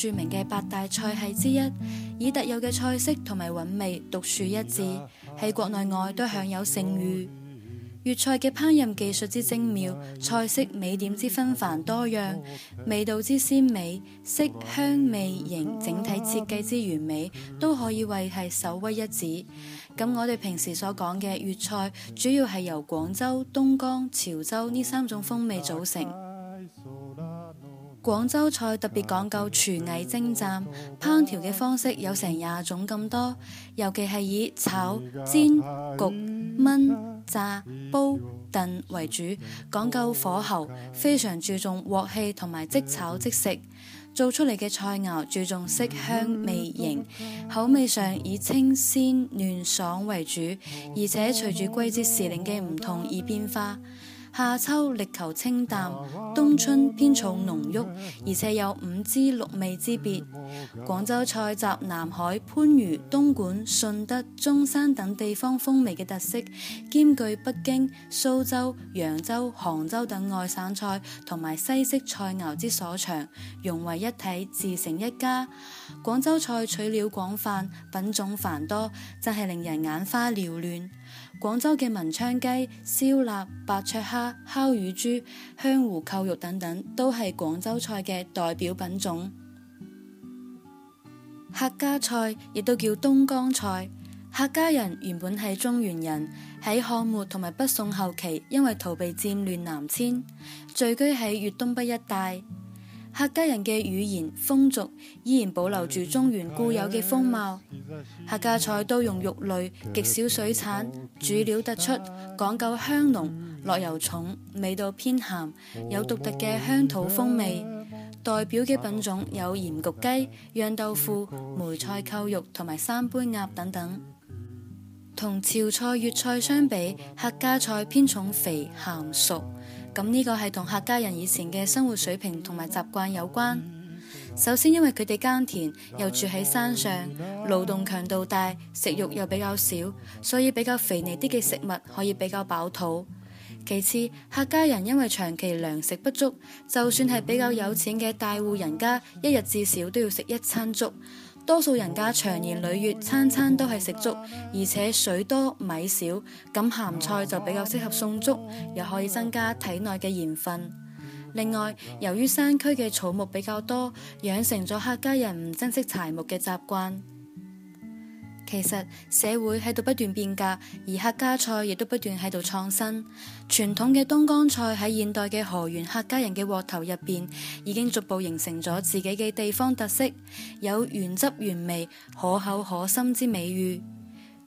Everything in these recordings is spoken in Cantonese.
著名嘅八大菜系之一，以特有嘅菜式同埋韻味獨樹一幟，喺國內外都享有盛譽。粵菜嘅烹飪技術之精妙，菜式美點之紛繁多樣，味道之鮮美，色香味型整體設計之完美，都可以謂係首屈一指。咁我哋平時所講嘅粵菜，主要係由廣州、東江、潮州呢三種風味組成。廣州菜特別講究廚藝精湛，烹調嘅方式有成廿種咁多，尤其係以炒、煎、焗、燜、炸、煲、燉為主，講究火候，非常注重鑊氣同埋即炒即食，做出嚟嘅菜肴注重色香味形，口味上以清鮮嫩爽，爽為主，而且隨住季節時令嘅唔同而變化。夏秋力求清淡，冬春偏重濃郁，而且有五滋六味之別。廣州菜集南海、番禺、東莞、順德、中山等地方風味嘅特色，兼具北京、蘇州、揚州、杭州等外省菜同埋西式菜肴之所長，融為一體，自成一家。廣州菜取料廣泛，品種繁多，真係令人眼花繚亂。廣州嘅文昌雞、燒臘、白灼蝦、烤乳豬、香芋扣肉等等，都係廣州菜嘅代表品種。客家菜亦都叫東江菜，客家人原本係中原人，喺漢末同埋北宋後期，因為逃避戰亂南遷，聚居喺粵東北一帶。客家人嘅語言、風俗依然保留住中原固有嘅風貌。客家菜都用肉類，極少水產，主料突出，講究香濃、落油重，味道偏鹹，有獨特嘅鄉土風味。代表嘅品種有鹽焗雞、釀豆腐、梅菜扣肉同埋三杯鴨等等。同潮菜、粵菜相比，客家菜偏重肥、咸、熟。咁呢個係同客家人以前嘅生活水平同埋習慣有關。首先，因為佢哋耕田又住喺山上，勞動強度大，食肉又比較少，所以比較肥膩啲嘅食物可以比較飽肚。其次，客家人因為長期糧食不足，就算係比較有錢嘅大戶人家，一日至少都要食一餐粥。多數人家長年累月餐餐都係食粥，而且水多米少，咁鹹菜就比較適合送粥，又可以增加體內嘅鹽分。另外，由於山區嘅草木比較多，養成咗客家人唔珍惜柴木嘅習慣。其實社會喺度不斷變革，而客家菜亦都不斷喺度創新。傳統嘅東江菜喺現代嘅河源客家人嘅鑊頭入邊，已經逐步形成咗自己嘅地方特色，有原汁原味、可口可心之美譽。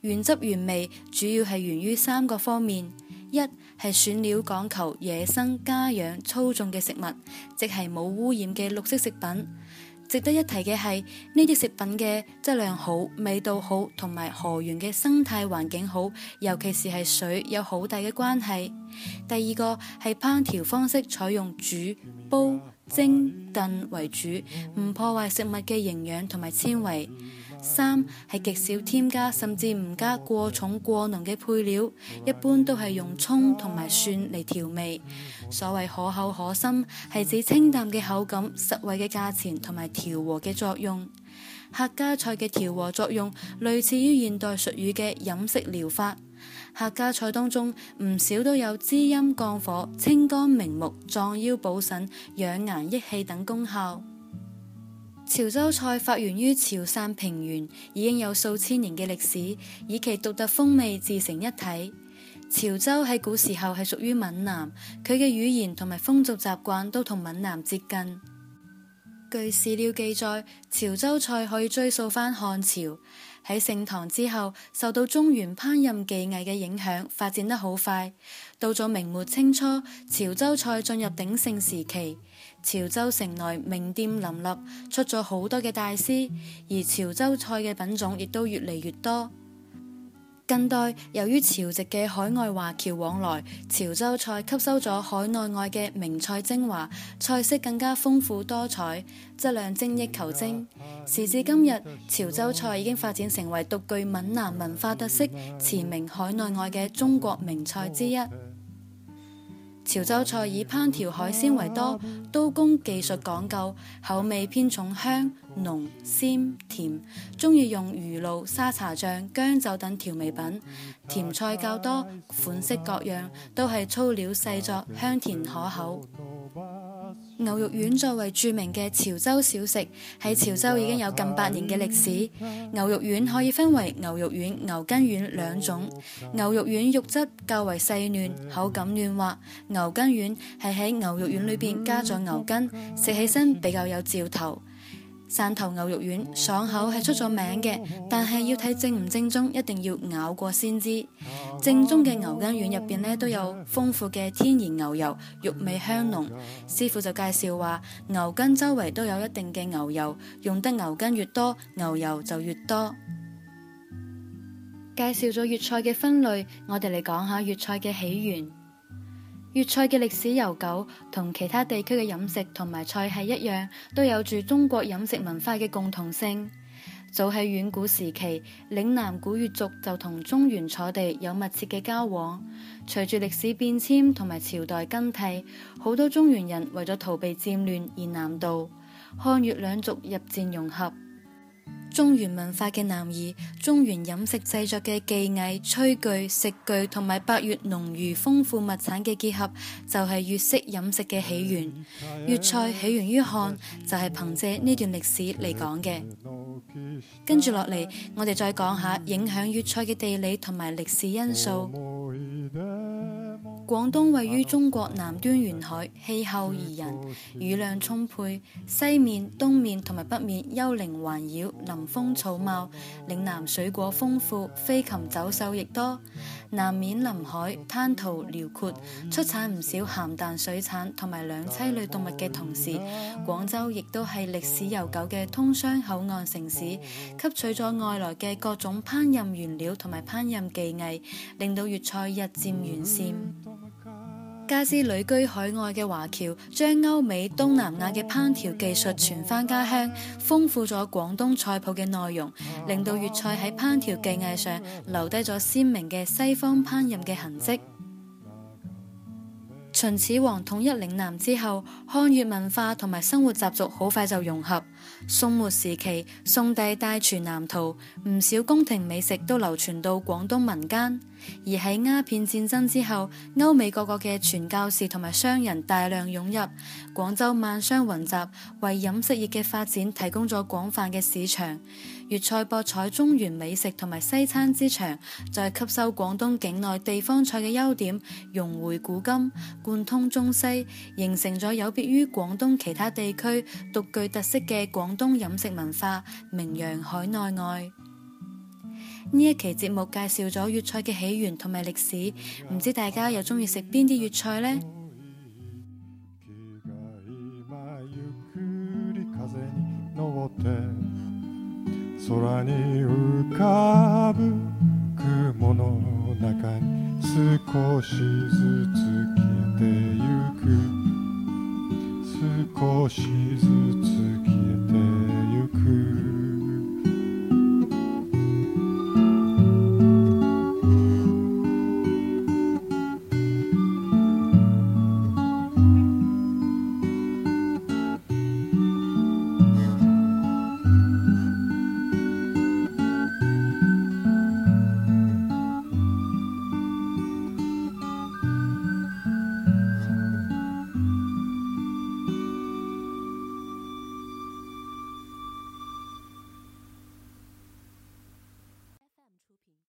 原汁原味主要係源於三個方面：一係選料講求野生、家養、粗種嘅食物，即係冇污染嘅綠色食品。值得一提嘅係呢啲食品嘅質量好、味道好，同埋河源嘅生態環境好，尤其是水有好大嘅關係。第二個係烹調方式採用煮、煲。蒸燉為主，唔破壞食物嘅營養同埋纖維。三係極少添加，甚至唔加過重過濃嘅配料，一般都係用葱同埋蒜嚟調味。所謂可口可心，係指清淡嘅口感、實惠嘅價錢同埋調和嘅作用。客家菜嘅調和作用，類似於現代術語嘅飲食療法。客家菜當中唔少都有滋陰降火、清肝明目、壯腰補腎、養顏益氣等功效。潮州菜發源於潮汕平原，已經有數千年嘅歷史，以其獨特風味自成一體。潮州喺古時候係屬於閩南，佢嘅語言同埋風俗習慣都同閩南接近。據史料記載，潮州菜可以追溯翻漢朝。喺盛唐之後，受到中原烹飪技藝嘅影響，發展得好快。到咗明末清初，潮州菜進入鼎盛時期。潮州城內名店林立，出咗好多嘅大師，而潮州菜嘅品種亦都越嚟越多。近代，由於潮籍嘅海外華僑往來，潮州菜吸收咗海內外嘅名菜精華，菜式更加豐富多彩，質量精益求精。時至今日，潮州菜已經發展成為獨具閩南文化特色、馳名海內外嘅中國名菜之一。潮州菜以烹調海鮮為多，刀工技術講究，口味偏重香濃鮮甜，中意用魚露、沙茶醬、薑酒等調味品，甜菜較多，款式各樣，都係粗料細作，香甜可口。牛肉丸作為著名嘅潮州小食，喺潮州已經有近百年嘅歷史。牛肉丸可以分為牛肉丸、牛筋丸兩種。牛肉丸肉質較為細嫩，口感嫩滑；牛筋丸係喺牛肉丸裏邊加咗牛筋，食起身比較有嚼頭。汕頭牛肉丸爽口係出咗名嘅，但係要睇正唔正宗，一定要咬過先知。正宗嘅牛筋丸入邊咧都有豐富嘅天然牛油，肉味香濃。師傅就介紹話，牛筋周圍都有一定嘅牛油，用得牛筋越多，牛油就越多。介紹咗粵菜嘅分類，我哋嚟講下粵菜嘅起源。粵菜嘅歷史悠久，同其他地區嘅飲食同埋菜系一樣，都有住中國飲食文化嘅共同性。早喺遠古時期，嶺南古越族就同中原楚地有密切嘅交往。隨住歷史變遷同埋朝代更替，好多中原人為咗逃避戰亂而南渡，漢越兩族日漸融合。中原文化嘅南移，中原飲食製作嘅技藝、炊具、食具同埋百越農漁豐富物產嘅結合，就係粵式飲食嘅起源。粵菜起源於漢就，就係憑借呢段歷史嚟講嘅。跟住落嚟，我哋再講下影響粵菜嘅地理同埋歷史因素。廣東位於中國南端沿海，氣候宜人，雨量充沛。西面、東面同埋北面丘陵環繞，林豐草茂，嶺南水果豐富，飛禽走獸亦多。南面臨海，灘塗遼闊，出產唔少鹹淡水產同埋兩棲類動物嘅同時，廣州亦都係歷史悠久嘅通商口岸城市，吸取咗外來嘅各種烹飪原料同埋烹飪技藝，令到粵菜日漸完善。加之旅居海外嘅華僑將歐美東南亞嘅烹調技術傳翻家鄉，豐富咗廣東菜譜嘅內容，令到粵菜喺烹調技藝上留低咗鮮明嘅西方烹飪嘅痕跡。 秦始皇統一嶺南之後，漢越文化同埋生活習俗好快就融合。宋末時期，宋帝帶傳南逃，唔少宮廷美食都流傳到廣東民間。而喺鴉片戰爭之後，歐美各國嘅傳教士同埋商人大量湧入，廣州萬商雲集，為飲食業嘅發展提供咗廣泛嘅市場。粵菜博採中原美食同埋西餐之長，在吸收廣東境內地方菜嘅優點，融匯古今，貫通中西，形成咗有別於廣東其他地區獨具特色嘅。廣東飲食文化名揚海內外。呢一期節目介紹咗粵菜嘅起源同埋歷史，唔知大家又中意食邊啲粵菜呢？